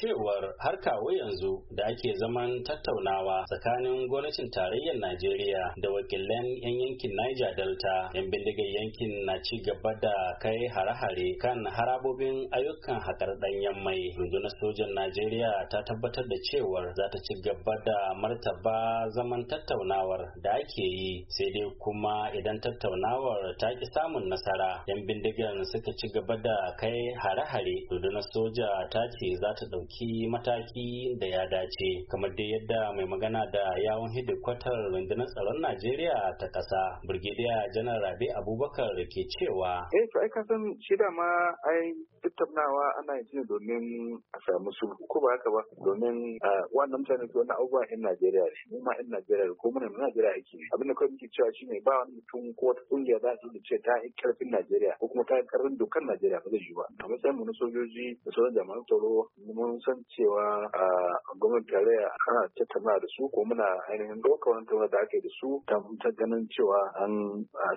cewar har kawo yanzu da ake zaman tattaunawa tsakanin gwamnatin tarayyar Najeriya da wakilan 'yan yankin Niger Delta 'yan bindigar yankin na ci gaba da kai hare kan harabobin ayyukan haƙar ɗanyen mai rundunar sojan Najeriya ta tabbatar da cewar za ta ci gaba da martaba zaman tattaunawar da ake yi sai dai kuma idan tattaunawar ta ki samun nasara 'yan bindigar suka ci gaba da kai hare-hare rundunar soja ta ce za ta ɗauki mataki da ya dace kamar dai yadda mai magana da yawon hidikwatar rundunar tsaron najeriya ta ƙasa birgidiya janar rabi abubakar ke cewa eh to ai ka san shi ma ai tattaunawa ana yi domin a samu sulhu ko ba haka ba domin wannan mutane ke wani abubuwa yan najeriya shi mu ma yan najeriya ko muna najeriya ake abin da kawai muke cewa ne, ba wani mutum ko wata kungiya za ta ce ta yi karfin najeriya ko kuma ta yi karfin dokar najeriya ba zai yi ba a matsayin mu na sojoji da sauran jami'an tsaro mun mun san cewa a gwamnati tarayya ana tattauna da su ko muna ainihin doka wani tattauna da ake da su ta ganin cewa an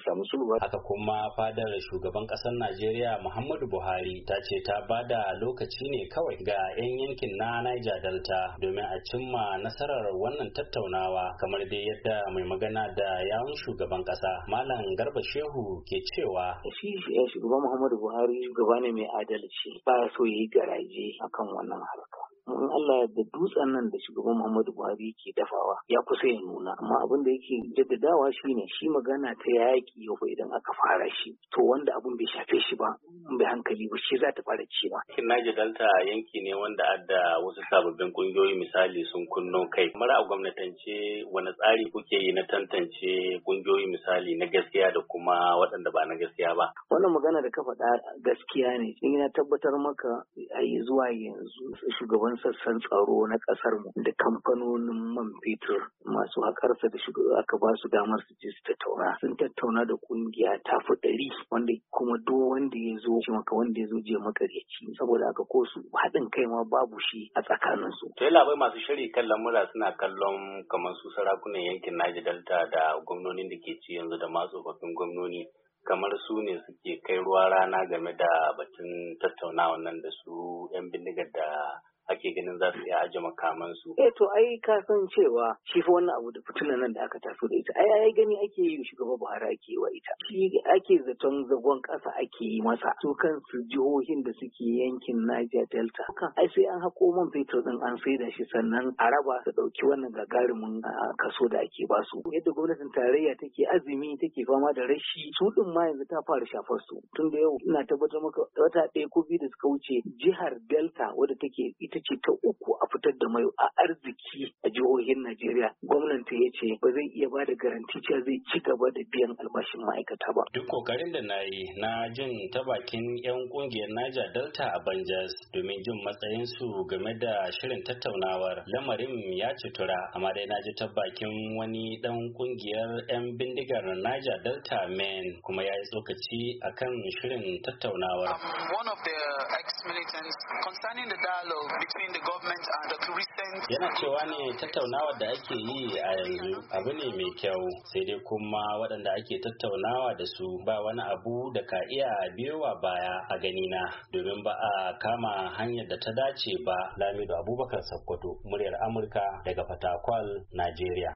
samu sulhu. Haka kuma fadar shugaban ƙasar Najeriya Muhammadu Buhari ta ce ta bada lokaci ne kawai ga 'yan yankin na Niger Delta domin a cimma nasarar wannan tattaunawa kamar dai yadda mai magana da yawun shugaban ƙasa Malam Garba Shehu ke cewa. Shi eh, shugaban Muhammadu Buhari shugaba ne mai adalci ba so yi garaje akan wannan harka in Allah ya dutsen nan da shugaban Muhammadu Buhari yake dafawa ya kusa ya nuna amma abin da yake jaddadawa shine shi magana ta yaƙi yau idan aka fara shi to wanda abin bai shafi ba bai hankali ba shi za ta fara ci ma. Niger Delta yanki ne wanda adda wasu sababbin kungiyoyi misali sun kunno kai. Kamar a gwamnatance wani tsari kuke yi na tantance kungiyoyi misali na gaskiya da kuma waɗanda ba na gaskiya ba. Wannan magana da ka faɗa gaskiya ne. In na tabbatar maka a yi zuwa yanzu shugaban sassan tsaro na ƙasar mu da kamfanonin man fetur masu haƙarsa da aka ba su damar su je su tattauna. Sun tattauna da kungiya ta fi ɗari wanda ya zo ce maka wanda ya zo je makaryaci saboda haka ko su haɗin kai ma babu shi a tsakanin su. Sai labai masu shiri kallon mura suna kallon kamar su sarakunan yankin Naji Delta da gwamnonin da ke ci yanzu da masu tsofaffin gwamnoni kamar su ne suke kai ruwa rana game da batun tattaunawa nan da su 'yan bindigar da ake ganin za su iya aje su? Eh to ai ka san cewa shi fa wannan abu da fitilan nan da aka taso da ita ai ai gani ake yi shugaba Buhari ake yi wa ita. Shi ake zaton zagon ƙasa ake yi masa su jihohin da suke yankin Niger Delta. Kan ai sai an hako man fetur din an saida shi sannan a raba su ɗauki wannan gagarumin kaso da ake ba su. Yadda gwamnatin tarayya take azumi take fama da rashi su din ma yanzu ta fara shafar su. Tun da yau ina tabbatar maka wata ɗaya ko biyu da suka wuce jihar Delta wadda take ita ita ce ta uku a fitar da mai a arziki a jihohin Najeriya gwamnati ya ce ba zai iya ba da garanti cewa zai ci gaba da biyan albashin ma'aikata ba. Duk kokarin da na yi na jin ta bakin 'yan kungiyar naja Delta a Banjas domin jin matsayinsu game da shirin tattaunawar lamarin ya cutura amma dai na ji ta bakin wani dan kungiyar 'yan bindigar Naja Delta men kuma ya yi tsokaci akan shirin tattaunawar. one of the ex-militants concerning the dialogue between the government and the recent yana cewa ne tattaunawa da ake yi a yanzu abu ne mai kyau sai dai kuma waɗanda ake tattaunawa da su ba wani abu da ka iya biyowa baya a gani na, domin ba a kama hanyar da ta dace ba lamido abubakar sakkwato muryar amurka daga fatakwal najeriya